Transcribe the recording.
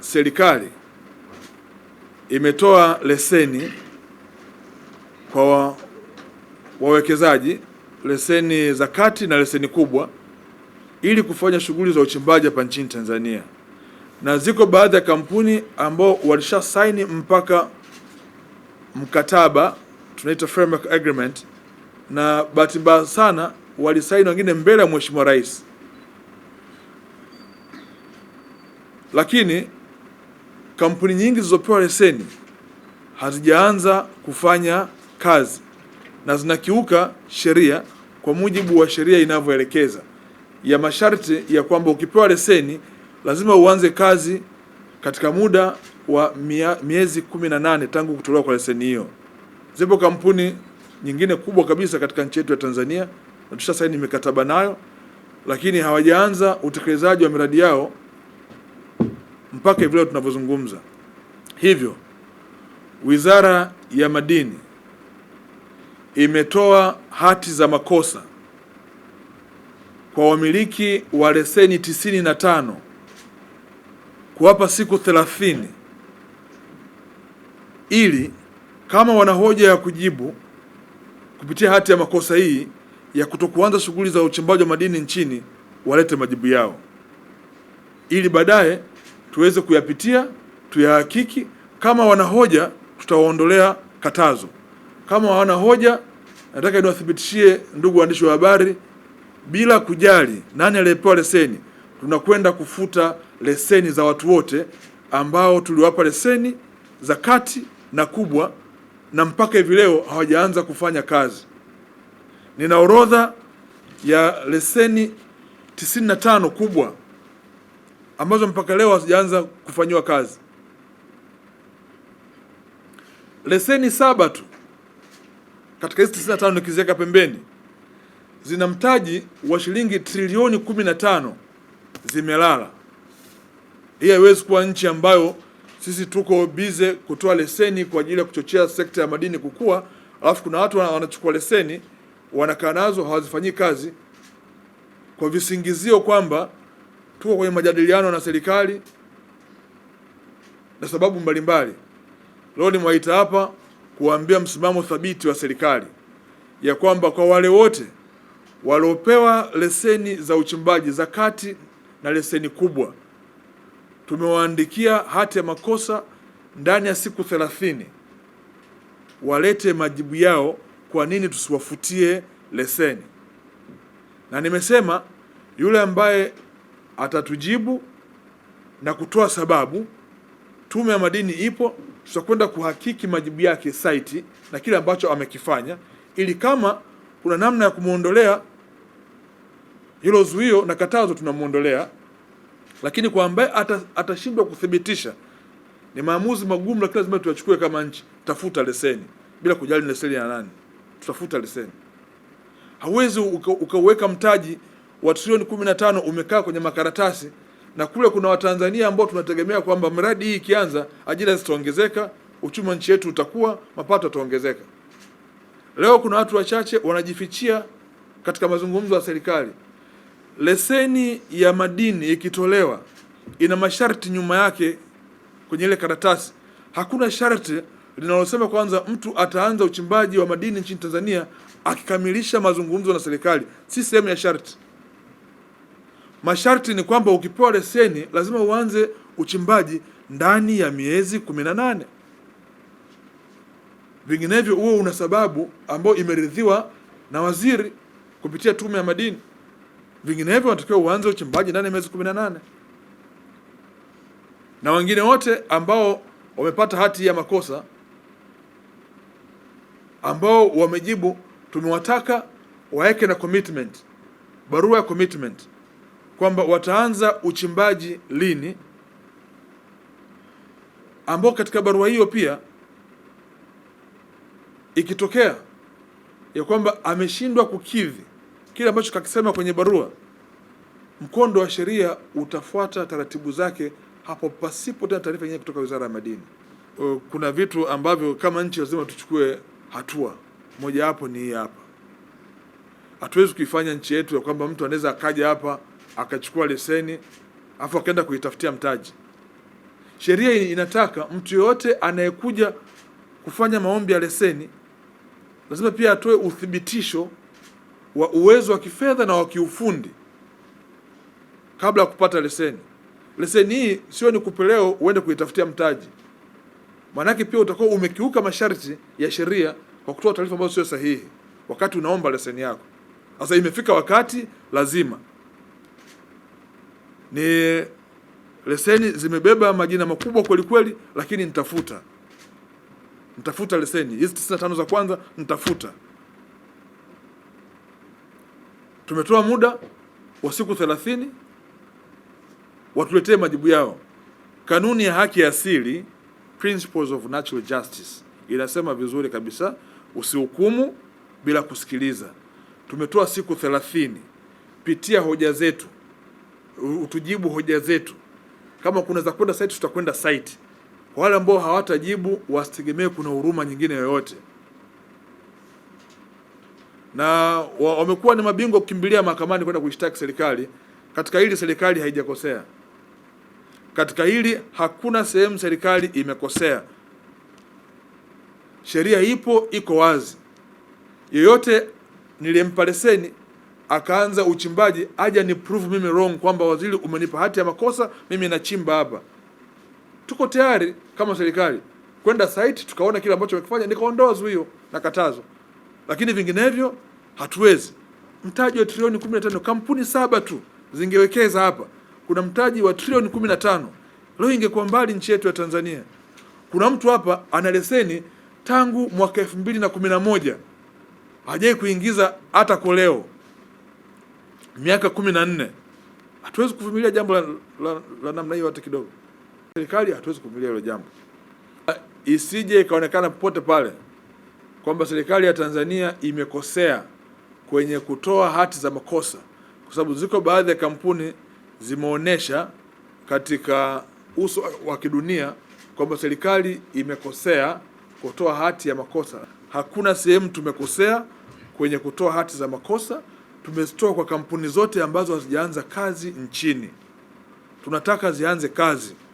serikali imetoa leseni kwa wawekezaji, leseni za kati na leseni kubwa, ili kufanya shughuli za uchimbaji hapa nchini Tanzania, na ziko baadhi ya kampuni ambao walisha saini mpaka mkataba tunaita framework agreement, na bahati mbaya sana walisaini wengine mbele ya Mheshimiwa Rais, lakini kampuni nyingi zilizopewa leseni hazijaanza kufanya kazi na zinakiuka sheria kwa mujibu wa sheria inavyoelekeza ya masharti ya kwamba ukipewa leseni lazima uanze kazi katika muda wa miezi kumi na nane tangu kutolewa kwa leseni hiyo. Zipo kampuni nyingine kubwa kabisa katika nchi yetu ya Tanzania na tushasaini mikataba nayo, lakini hawajaanza utekelezaji wa miradi yao mpaka hivi leo tunavyozungumza. Hivyo Wizara ya Madini imetoa hati za makosa kwa wamiliki wa leseni tisini na tano kuwapa siku thelathini ili kama wana hoja ya kujibu kupitia hati ya makosa hii ya kutokuanza shughuli za uchimbaji wa madini nchini walete majibu yao ili baadaye tuweze kuyapitia tuyahakiki. Kama wana hoja tutawaondolea katazo, kama hawana hoja, nataka niwathibitishie ndugu waandishi wa habari, bila kujali nani aliyepewa leseni, tunakwenda kufuta leseni za watu wote ambao tuliwapa leseni za kati na kubwa, na mpaka hivi leo hawajaanza kufanya kazi. Nina orodha ya leseni 95 kubwa ambazo mpaka leo hazijaanza kufanyiwa kazi. Leseni saba tu katika hizi 95 nikiziweka pembeni zina mtaji wa shilingi trilioni 15 zimelala. Hii haiwezi kuwa nchi ambayo sisi tuko bize kutoa leseni kwa ajili ya kuchochea sekta ya madini kukua, alafu kuna watu wanachukua leseni wanakaa nazo hawazifanyii kazi kwa visingizio kwamba tuko kwenye majadiliano na serikali na sababu mbalimbali. Leo nimewaita hapa kuwaambia msimamo thabiti wa serikali ya kwamba kwa wale wote waliopewa leseni za uchimbaji za kati na leseni kubwa, tumewaandikia hati ya makosa ndani ya siku thelathini walete majibu yao, kwa nini tusiwafutie leseni. Na nimesema yule ambaye atatujibu na kutoa sababu. Tume ya Madini ipo, tutakwenda kuhakiki majibu yake saiti na kile ambacho amekifanya, ili kama kuna namna ya kumwondolea hilo zuio na katazo, tunamwondolea. Lakini kwa ambaye atashindwa kuthibitisha, ni maamuzi magumu, lakini lazima tuyachukue kama nchi. Tafuta leseni bila kujali leseni ya nani, tutafuta leseni. Hauwezi ukauweka mtaji wa trilioni 15 umekaa kwenye makaratasi na kule kuna Watanzania ambao tunategemea kwamba mradi hii ikianza ajira zitaongezeka, uchumi wa nchi yetu utakuwa, mapato yataongezeka. Leo kuna watu wachache wanajifichia katika mazungumzo ya serikali. Leseni ya madini ikitolewa ina masharti nyuma yake kwenye ile karatasi. Hakuna sharti linalosema kwanza mtu ataanza uchimbaji wa madini nchini Tanzania akikamilisha mazungumzo na serikali, si sehemu ya sharti masharti ni kwamba ukipewa leseni lazima uanze uchimbaji ndani ya miezi kumi na nane vinginevyo huo una sababu ambayo imeridhiwa na waziri kupitia Tume ya Madini. Vinginevyo wanatakiwa uanze uchimbaji ndani ya miezi kumi na nane na wengine wote ambao wamepata hati ya makosa ambao wamejibu, tumewataka waweke na commitment, barua ya commitment kwamba wataanza uchimbaji lini, ambao katika barua hiyo pia ikitokea ya kwamba ameshindwa kukidhi kile ambacho kakisema kwenye barua, mkondo wa sheria utafuata taratibu zake hapo pasipo tena taarifa yenyewe kutoka Wizara ya Madini. Kuna vitu ambavyo kama nchi lazima tuchukue hatua, mojawapo ni hii hapa. Hatuwezi kuifanya nchi yetu ya kwamba mtu anaweza akaja hapa akachukua leseni afu akaenda kuitafutia mtaji. Sheria inataka mtu yoyote anayekuja kufanya maombi ya leseni lazima pia atoe uthibitisho wa uwezo wa kifedha na wa kiufundi kabla ya kupata leseni. Leseni hii sio ni kupeleo uende kuitafutia mtaji, maanake pia utakuwa umekiuka masharti ya sheria kwa kutoa taarifa ambazo sio sahihi wakati unaomba leseni yako. Sasa imefika wakati lazima ni leseni zimebeba majina makubwa kweli kweli, lakini nitafuta nitafuta leseni hizi 95 za kwanza nitafuta. Tumetoa muda wa siku 30 watuletee majibu yao. Kanuni ya haki ya asili principles of natural justice inasema vizuri kabisa, usihukumu bila kusikiliza. Tumetoa siku 30, pitia hoja zetu utujibu hoja zetu. Kama kuna za kwenda site, tutakwenda site. Kwa wale ambao hawatajibu wasitegemee kuna huruma nyingine yoyote, na wamekuwa ni mabingwa kukimbilia mahakamani kwenda kuishtaki serikali. Katika hili serikali haijakosea, katika hili hakuna sehemu serikali imekosea. Sheria ipo, iko wazi. Yeyote niliyempa leseni akaanza uchimbaji, aje ni prove mimi wrong kwamba waziri, umenipa hati ya makosa, mimi nachimba hapa. Tuko tayari kama serikali kwenda site tukaona kile ambacho wamekifanya, nikaondoa zuio na katazo, lakini vinginevyo hatuwezi. Mtaji wa trilioni 15 kampuni saba tu zingewekeza hapa, kuna mtaji wa trilioni 15 leo ingekuwa mbali nchi yetu ya Tanzania. Kuna mtu hapa ana leseni tangu mwaka 2011 hajai kuingiza hata kwa leo miaka kumi na nne. Hatuwezi kuvumilia jambo la, la, la namna hiyo hata kidogo. Serikali hatuwezi kuvumilia hilo jambo, uh, isije ikaonekana popote pale kwamba serikali ya Tanzania imekosea kwenye kutoa hati za makosa, kwa sababu ziko baadhi ya kampuni zimeonyesha katika uso wa kidunia kwamba serikali imekosea kutoa hati ya makosa. Hakuna sehemu tumekosea kwenye kutoa hati za makosa tumezitoa kwa kampuni zote ambazo hazijaanza kazi nchini. Tunataka zianze kazi.